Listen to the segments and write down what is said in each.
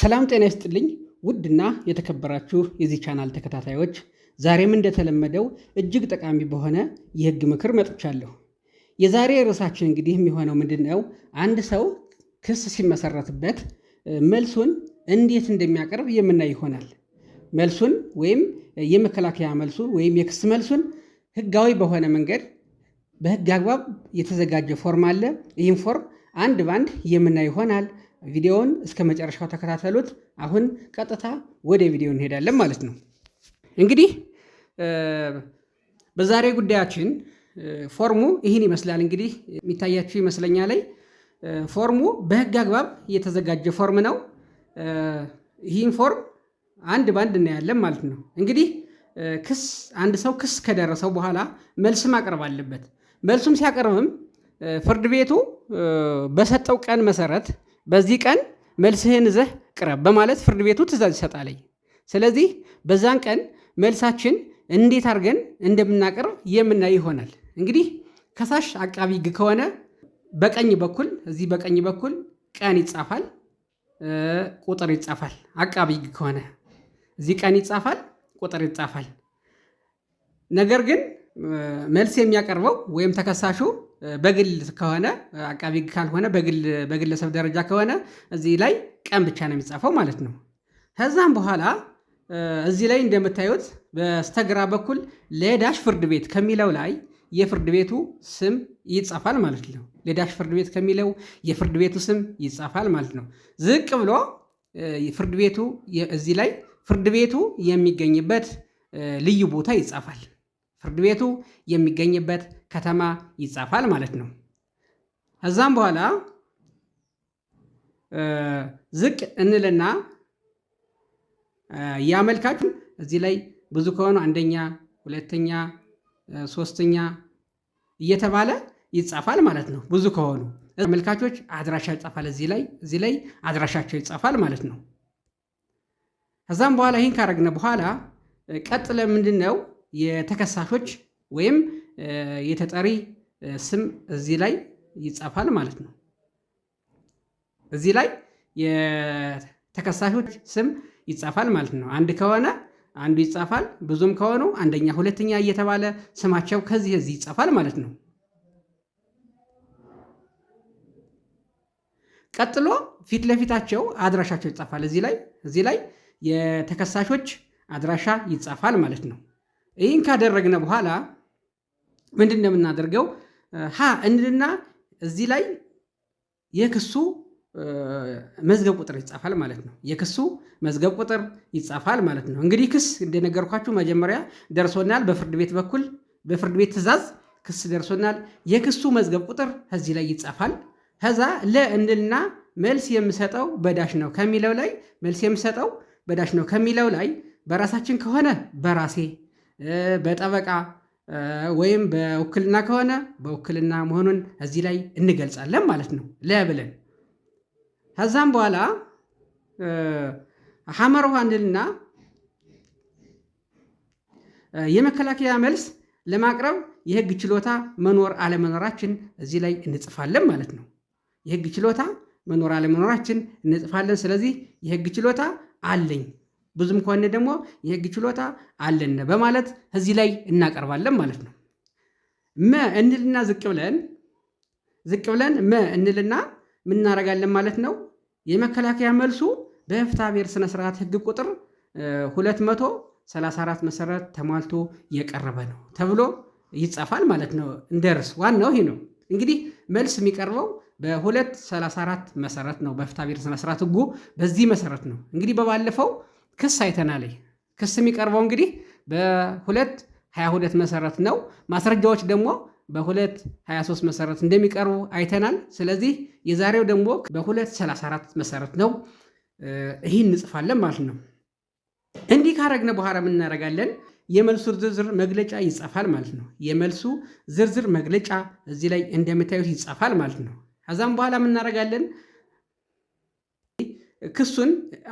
ሰላም ጤና ይስጥልኝ ውድና የተከበራችሁ የዚህ ቻናል ተከታታዮች፣ ዛሬም እንደተለመደው እጅግ ጠቃሚ በሆነ የህግ ምክር መጥቻለሁ። የዛሬ ርዕሳችን እንግዲህ የሚሆነው ምንድን ነው? አንድ ሰው ክስ ሲመሰረትበት መልሱን እንዴት እንደሚያቀርብ የምናይ ይሆናል። መልሱን ወይም የመከላከያ መልሱን ወይም የክስ መልሱን ህጋዊ በሆነ መንገድ በህግ አግባብ የተዘጋጀ ፎርም አለ። ይህም ፎርም አንድ ባንድ የምናይ ይሆናል። ቪዲዮውን እስከ መጨረሻው ተከታተሉት። አሁን ቀጥታ ወደ ቪዲዮ እንሄዳለን ማለት ነው። እንግዲህ በዛሬ ጉዳያችን ፎርሙ ይህን ይመስላል። እንግዲህ የሚታያችሁ ይመስለኛ ላይ ፎርሙ በህግ አግባብ የተዘጋጀ ፎርም ነው። ይህን ፎርም አንድ በአንድ እናያለን ማለት ነው። እንግዲህ ክስ አንድ ሰው ክስ ከደረሰው በኋላ መልስ ማቅረብ አለበት። መልሱም ሲያቀርብም ፍርድ ቤቱ በሰጠው ቀን መሰረት በዚህ ቀን መልስህን ዘህ ቅረብ በማለት ፍርድ ቤቱ ትእዛዝ ይሰጣለኝ። ስለዚህ በዛን ቀን መልሳችን እንዴት አድርገን እንደምናቀርብ የምናይ ይሆናል። እንግዲህ ከሳሽ አቃቢ ሕግ ከሆነ በቀኝ በኩል እዚህ በቀኝ በኩል ቀን ይጻፋል፣ ቁጥር ይጻፋል። አቃቢ ሕግ ከሆነ እዚህ ቀን ይጻፋል፣ ቁጥር ይጻፋል። ነገር ግን መልስ የሚያቀርበው ወይም ተከሳሹ በግል ከሆነ አቃቢ ካልሆነ በግለሰብ ደረጃ ከሆነ እዚህ ላይ ቀን ብቻ ነው የሚጻፈው ማለት ነው። ከዛም በኋላ እዚህ ላይ እንደምታዩት በስተግራ በኩል ለዳሽ ፍርድ ቤት ከሚለው ላይ የፍርድ ቤቱ ስም ይጻፋል ማለት ነው። ለዳሽ ፍርድ ቤት ከሚለው የፍርድ ቤቱ ስም ይጻፋል ማለት ነው። ዝቅ ብሎ ፍርድ ቤቱ እዚህ ላይ ፍርድ ቤቱ የሚገኝበት ልዩ ቦታ ይጻፋል። ፍርድ ቤቱ የሚገኝበት ከተማ ይጻፋል ማለት ነው። ከዛም በኋላ ዝቅ እንልና ያመልካቹን እዚህ ላይ ብዙ ከሆኑ አንደኛ፣ ሁለተኛ፣ ሶስተኛ እየተባለ ይጻፋል ማለት ነው። ብዙ ከሆኑ አመልካቾች አድራሻ ይጻፋል። እዚህ ላይ እዚህ ላይ አድራሻቸው ይጻፋል ማለት ነው። ከዛም በኋላ ይህን ካረግነ በኋላ ቀጥለ ምንድን ነው የተከሳሾች ወይም የተጠሪ ስም እዚህ ላይ ይጻፋል ማለት ነው። እዚህ ላይ የተከሳሾች ስም ይጻፋል ማለት ነው። አንድ ከሆነ አንዱ ይጻፋል፣ ብዙም ከሆኑ አንደኛ፣ ሁለተኛ እየተባለ ስማቸው ከዚህ እዚህ ይጻፋል ማለት ነው። ቀጥሎ ፊት ለፊታቸው አድራሻቸው ይጻፋል። እዚህ ላይ እዚህ ላይ የተከሳሾች አድራሻ ይጻፋል ማለት ነው። ይህን ካደረግነ በኋላ ምንድን ነው የምናደርገው? ሀ እንልና እዚህ ላይ የክሱ መዝገብ ቁጥር ይጻፋል ማለት ነው። የክሱ መዝገብ ቁጥር ይጻፋል ማለት ነው። እንግዲህ ክስ እንደነገርኳችሁ መጀመሪያ ደርሶናል፣ በፍርድ ቤት በኩል በፍርድ ቤት ትዕዛዝ ክስ ደርሶናል። የክሱ መዝገብ ቁጥር እዚህ ላይ ይጻፋል። ከዛ ለ እንልና መልስ የምሰጠው በዳሽ ነው ከሚለው ላይ መልስ የምሰጠው በዳሽ ነው ከሚለው ላይ በራሳችን ከሆነ በራሴ በጠበቃ ወይም በውክልና ከሆነ በውክልና መሆኑን እዚህ ላይ እንገልጻለን ማለት ነው። ለብለን ከዛም በኋላ ሐመር ውሃ እንድልና የመከላከያ መልስ ለማቅረብ የህግ ችሎታ መኖር አለመኖራችን እዚህ ላይ እንጽፋለን ማለት ነው። የህግ ችሎታ መኖር አለመኖራችን እንጽፋለን። ስለዚህ የህግ ችሎታ አለኝ ብዙም ከሆነ ደግሞ የህግ ችሎታ አለን በማለት እዚህ ላይ እናቀርባለን ማለት ነው። መ እንልና ዝቅ ብለን ዝቅ ብለን መ እንልና ምናረጋለን ማለት ነው። የመከላከያ መልሱ በፍትሐ ብሔር ስነ ስርዓት ህግ ቁጥር 234 መሰረት ተሟልቶ የቀረበ ነው ተብሎ ይጻፋል ማለት ነው። እንደርስ ዋናው ይሄ ነው። እንግዲህ መልስ የሚቀርበው በ234 መሰረት ነው። በፍትሐ ብሔር ስነ ስርዓት ህጉ በዚህ መሰረት ነው። እንግዲህ በባለፈው ክስ አይተናል። ክስ የሚቀርበው እንግዲህ በሁለት 22 መሰረት ነው። ማስረጃዎች ደግሞ በሁለት 23 መሰረት እንደሚቀርቡ አይተናል። ስለዚህ የዛሬው ደግሞ በ 34 መሰረት ነው። ይህን እንጽፋለን ማለት ነው። እንዲህ ካረግነ በኋላ ምን እናደርጋለን? የመልሱ ዝርዝር መግለጫ ይጸፋል ማለት ነው። የመልሱ ዝርዝር መግለጫ እዚህ ላይ እንደምታዩት ይጸፋል ማለት ነው። ከዛም በኋላ ምን እናደርጋለን? ክሱን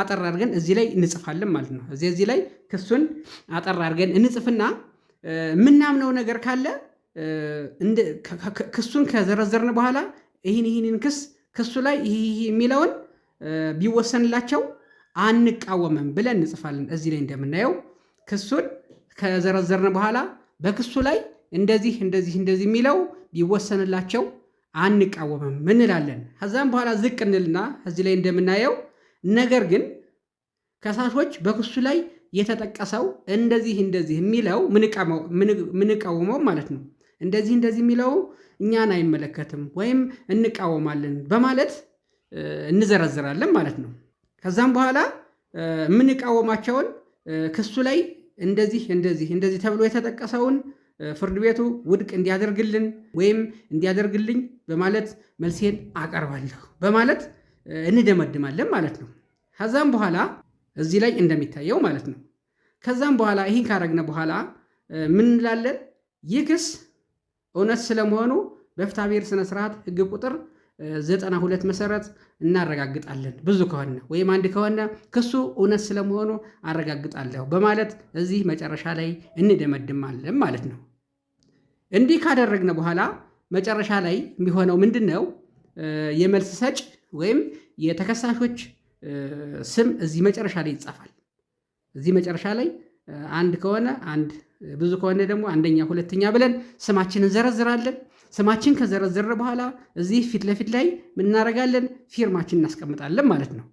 አጠር አድርገን እዚህ ላይ እንጽፋለን ማለት ነው። እዚህ እዚህ ላይ ክሱን አጠር አድርገን እንጽፍና የምናምነው ነገር ካለ ክሱን ከዘረዘርን በኋላ ይህን ይህንን ክስ ክሱ ላይ ይህ የሚለውን ቢወሰንላቸው አንቃወምም ብለን እንጽፋለን። እዚህ ላይ እንደምናየው ክሱን ከዘረዘርን በኋላ በክሱ ላይ እንደዚህ እንደዚህ እንደዚህ የሚለው ቢወሰንላቸው አንቃወምም እንላለን። ከዛም በኋላ ዝቅ እንልና እዚህ ላይ እንደምናየው ነገር ግን ከሳሾች በክሱ ላይ የተጠቀሰው እንደዚህ እንደዚህ የሚለው ምንቃወመው ማለት ነው እንደዚህ እንደዚህ የሚለው እኛን አይመለከትም ወይም እንቃወማለን በማለት እንዘረዝራለን ማለት ነው። ከዛም በኋላ የምንቃወማቸውን ክሱ ላይ እንደዚህ እንደዚህ እንደዚህ ተብሎ የተጠቀሰውን ፍርድ ቤቱ ውድቅ እንዲያደርግልን ወይም እንዲያደርግልኝ በማለት መልሴን አቀርባለሁ በማለት እንደመድማለን ማለት ነው። ከዛም በኋላ እዚህ ላይ እንደሚታየው ማለት ነው። ከዛም በኋላ ይህን ካረግነ በኋላ ምን እንላለን? ይህ ክስ እውነት ስለመሆኑ በፍትሐብሔር ስነስርዓት ህግ ቁጥር ዘጠና ሁለት መሰረት እናረጋግጣለን። ብዙ ከሆነ ወይም አንድ ከሆነ ክሱ እውነት ስለመሆኑ አረጋግጣለሁ በማለት እዚህ መጨረሻ ላይ እንደመድማለን ማለት ነው። እንዲህ ካደረግነ በኋላ መጨረሻ ላይ የሚሆነው ምንድን ነው? የመልስ ሰጭ ወይም የተከሳሾች ስም እዚህ መጨረሻ ላይ ይጻፋል። እዚህ መጨረሻ ላይ አንድ ከሆነ አንድ፣ ብዙ ከሆነ ደግሞ አንደኛ፣ ሁለተኛ ብለን ስማችን እንዘረዝራለን። ስማችን ከዘረዘረ በኋላ እዚህ ፊት ለፊት ላይ ምናረጋለን ፊርማችን እናስቀምጣለን ማለት ነው።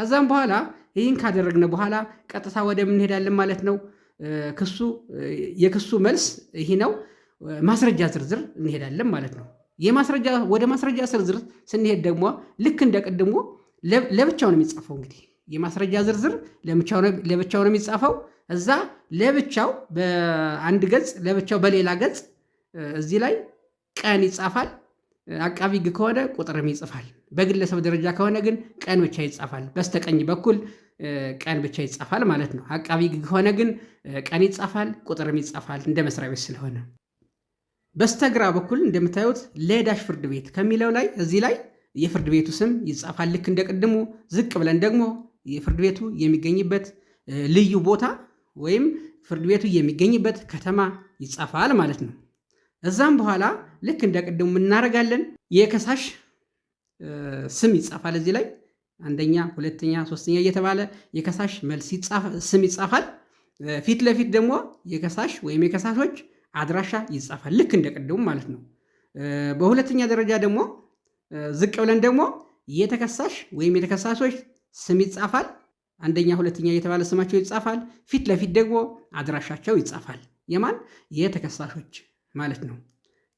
ከዛም በኋላ ይህን ካደረግነ በኋላ ቀጥታ ወደ ምንሄዳለን ማለት ነው። ክሱ የክሱ መልስ ይህ ነው። ማስረጃ ዝርዝር እንሄዳለን ማለት ነው። የማስረጃ ወደ ማስረጃ ዝርዝር ስንሄድ ደግሞ ልክ እንደ ቅድሙ ለብቻው ነው የሚጻፈው። እንግዲህ የማስረጃ ዝርዝር ለብቻው ነው የሚጻፈው። እዛ ለብቻው በአንድ ገጽ፣ ለብቻው በሌላ ገጽ። እዚህ ላይ ቀን ይጻፋል። አቃቢ ሕግ ከሆነ ቁጥርም ይጽፋል። በግለሰብ ደረጃ ከሆነ ግን ቀን ብቻ ይጻፋል። በስተቀኝ በኩል ቀን ብቻ ይጻፋል ማለት ነው። አቃቢ ሕግ ከሆነ ግን ቀን ይጻፋል፣ ቁጥርም ይጻፋል እንደ መስሪያ ቤት ስለሆነ በስተግራ በኩል እንደምታዩት ለዳሽ ፍርድ ቤት ከሚለው ላይ እዚህ ላይ የፍርድ ቤቱ ስም ይጻፋል። ልክ እንደ ቅድሙ ዝቅ ብለን ደግሞ የፍርድ ቤቱ የሚገኝበት ልዩ ቦታ ወይም ፍርድ ቤቱ የሚገኝበት ከተማ ይጻፋል ማለት ነው። እዛም በኋላ ልክ እንደ ቅድሙ እናደርጋለን። የከሳሽ ስም ይጻፋል እዚህ ላይ አንደኛ፣ ሁለተኛ፣ ሶስተኛ እየተባለ የከሳሽ መልስ ስም ይጻፋል። ፊት ለፊት ደግሞ የከሳሽ ወይም የከሳሾች አድራሻ ይጻፋል። ልክ እንደ ቅድሙ ማለት ነው። በሁለተኛ ደረጃ ደግሞ ዝቅ ብለን ደግሞ የተከሳሽ ወይም የተከሳሾች ስም ይጻፋል። አንደኛ ሁለተኛ እየተባለ ስማቸው ይጻፋል። ፊት ለፊት ደግሞ አድራሻቸው ይጻፋል። የማን የተከሳሾች ማለት ነው።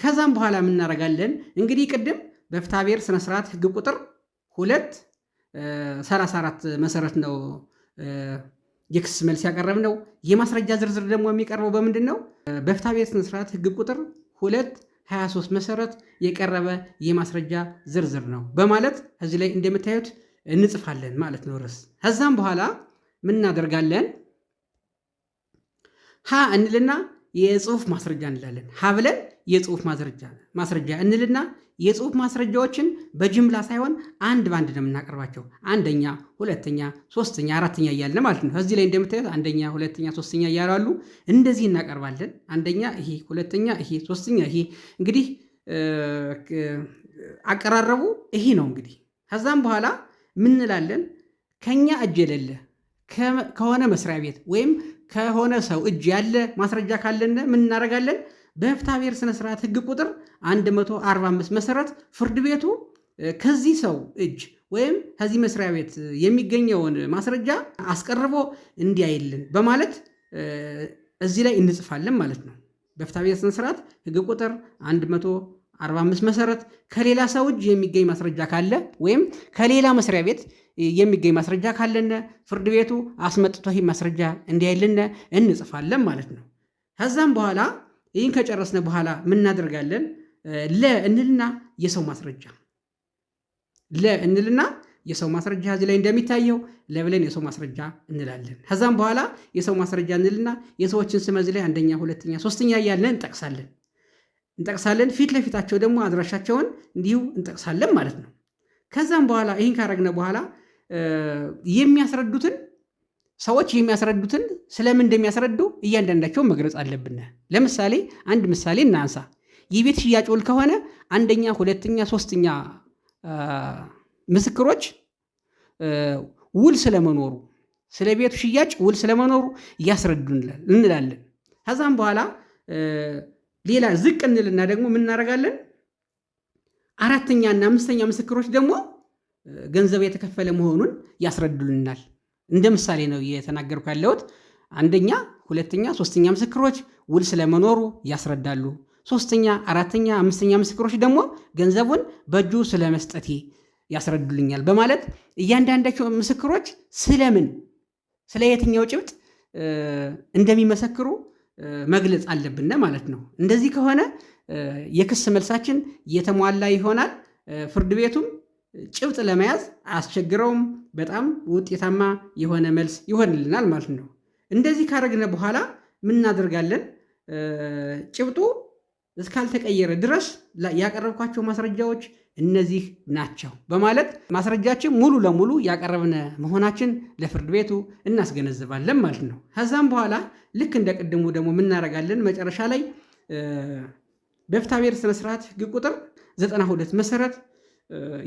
ከዛም በኋላ የምናረጋለን እንግዲህ ቅድም በፍትሐብሔር ስነስርዓት ህግ ቁጥር ሁለት 34 መሰረት ነው የክስ መልስ ያቀረብ ነው። የማስረጃ ዝርዝር ደግሞ የሚቀርበው በምንድን ነው? በፍታ ቤት ስነስርዓት ህግ ቁጥር 223 መሰረት የቀረበ የማስረጃ ዝርዝር ነው በማለት እዚህ ላይ እንደምታዩት እንጽፋለን ማለት ነው ርዕስ። ከዛም በኋላ ምን እናደርጋለን? ሀ እንልና የጽሁፍ ማስረጃ እንላለን። ሀብለን የጽሁፍ ማስረጃ እንልና የጽሁፍ ማስረጃዎችን በጅምላ ሳይሆን አንድ በአንድ ነው የምናቀርባቸው። አንደኛ፣ ሁለተኛ፣ ሶስተኛ፣ አራተኛ እያለን ማለት ነው። እዚህ ላይ እንደምታዩት አንደኛ፣ ሁለተኛ፣ ሶስተኛ እያላሉ እንደዚህ እናቀርባለን። አንደኛ ይሄ፣ ሁለተኛ ይሄ፣ ሶስተኛ ይሄ። እንግዲህ አቀራረቡ ይሄ ነው። እንግዲህ ከዛም በኋላ ምን እንላለን? ከኛ እጅ የሌለ ከሆነ መስሪያ ቤት ወይም ከሆነ ሰው እጅ ያለ ማስረጃ ካለን ምን እናደርጋለን? በፍትሐ ብሔር ስነስርዓት ህግ ቁጥር 145 መሰረት ፍርድ ቤቱ ከዚህ ሰው እጅ ወይም ከዚህ መስሪያ ቤት የሚገኘውን ማስረጃ አስቀርቦ እንዲያይልን በማለት እዚህ ላይ እንጽፋለን ማለት ነው። በፍትሐ ብሔር ስነስርዓት ህግ ቁጥር 45 መሰረት ከሌላ ሰው እጅ የሚገኝ ማስረጃ ካለ ወይም ከሌላ መስሪያ ቤት የሚገኝ ማስረጃ ካለነ ፍርድ ቤቱ አስመጥቶ ይህ ማስረጃ እንዲያይልነ እንጽፋለን ማለት ነው። ከዛም በኋላ ይህን ከጨረስነ በኋላ ምናደርጋለን? ለ እንልና የሰው ማስረጃ ለ እንልና የሰው ማስረጃ እዚህ ላይ እንደሚታየው ለብለን የሰው ማስረጃ እንላለን። ከዛም በኋላ የሰው ማስረጃ እንልና የሰዎችን ስም እዚህ ላይ አንደኛ፣ ሁለተኛ፣ ሶስተኛ እያለን እንጠቅሳለን። እንጠቅሳለን። ፊት ለፊታቸው ደግሞ አድራሻቸውን እንዲሁ እንጠቅሳለን ማለት ነው። ከዛም በኋላ ይህን ካረግነ በኋላ የሚያስረዱትን ሰዎች የሚያስረዱትን ስለምን እንደሚያስረዱ እያንዳንዳቸውን መግለጽ አለብን። ለምሳሌ አንድ ምሳሌ እናንሳ። የቤት ሽያጭ ውል ከሆነ አንደኛ፣ ሁለተኛ፣ ሶስተኛ ምስክሮች ውል ስለመኖሩ ስለ ቤቱ ሽያጭ ውል ስለመኖሩ እያስረዱ እንላለን። ከዛም በኋላ ሌላ ዝቅ እንልና ደግሞ ምን እናደርጋለን? አራተኛና አምስተኛ ምስክሮች ደግሞ ገንዘብ የተከፈለ መሆኑን ያስረዱልናል። እንደ ምሳሌ ነው እየተናገርኩ ያለሁት። አንደኛ፣ ሁለተኛ፣ ሶስተኛ ምስክሮች ውል ስለመኖሩ ያስረዳሉ። ሶስተኛ፣ አራተኛ፣ አምስተኛ ምስክሮች ደግሞ ገንዘቡን በእጁ ስለመስጠቴ ያስረዱልኛል በማለት እያንዳንዳቸው ምስክሮች ስለምን ስለ የትኛው ጭብጥ እንደሚመሰክሩ መግለጽ አለብን ማለት ነው። እንደዚህ ከሆነ የክስ መልሳችን የተሟላ ይሆናል። ፍርድ ቤቱም ጭብጥ ለመያዝ አያስቸግረውም። በጣም ውጤታማ የሆነ መልስ ይሆንልናል ማለት ነው። እንደዚህ ካረግነ በኋላ ምን እናደርጋለን? ጭብጡ እስካልተቀየረ ድረስ ያቀረብኳቸው ማስረጃዎች እነዚህ ናቸው በማለት ማስረጃችን ሙሉ ለሙሉ ያቀረብን መሆናችን ለፍርድ ቤቱ እናስገነዝባለን ማለት ነው። ከዛም በኋላ ልክ እንደ ቅድሙ ደግሞ የምናደርጋለን መጨረሻ ላይ በፍትሐብሔር ስነስርዓት ህግ ቁጥር 92 መሰረት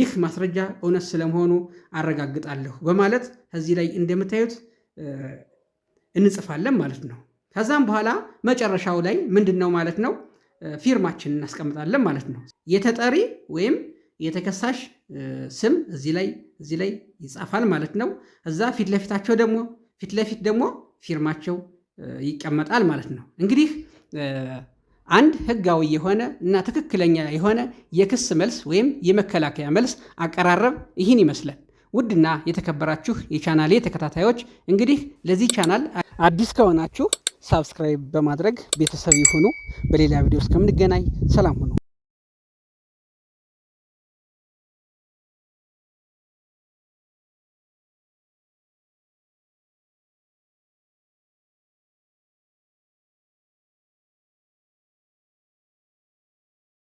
ይህ ማስረጃ እውነት ስለመሆኑ አረጋግጣለሁ በማለት ከዚህ ላይ እንደምታዩት እንጽፋለን ማለት ነው። ከዛም በኋላ መጨረሻው ላይ ምንድን ነው ማለት ነው ፊርማችን እናስቀምጣለን ማለት ነው የተጠሪ ወይም የተከሳሽ ስም እዚህ ላይ እዚህ ላይ ይጻፋል ማለት ነው። እዛ ፊት ለፊታቸው ደግሞ ፊት ለፊት ደግሞ ፊርማቸው ይቀመጣል ማለት ነው። እንግዲህ አንድ ህጋዊ የሆነ እና ትክክለኛ የሆነ የክስ መልስ ወይም የመከላከያ መልስ አቀራረብ ይህን ይመስላል። ውድና የተከበራችሁ የቻናሌ ተከታታዮች እንግዲህ ለዚህ ቻናል አዲስ ከሆናችሁ ሳብስክራይብ በማድረግ ቤተሰብ ይሁኑ። በሌላ ቪዲዮ እስከምንገናኝ ሰላም ሁኑ።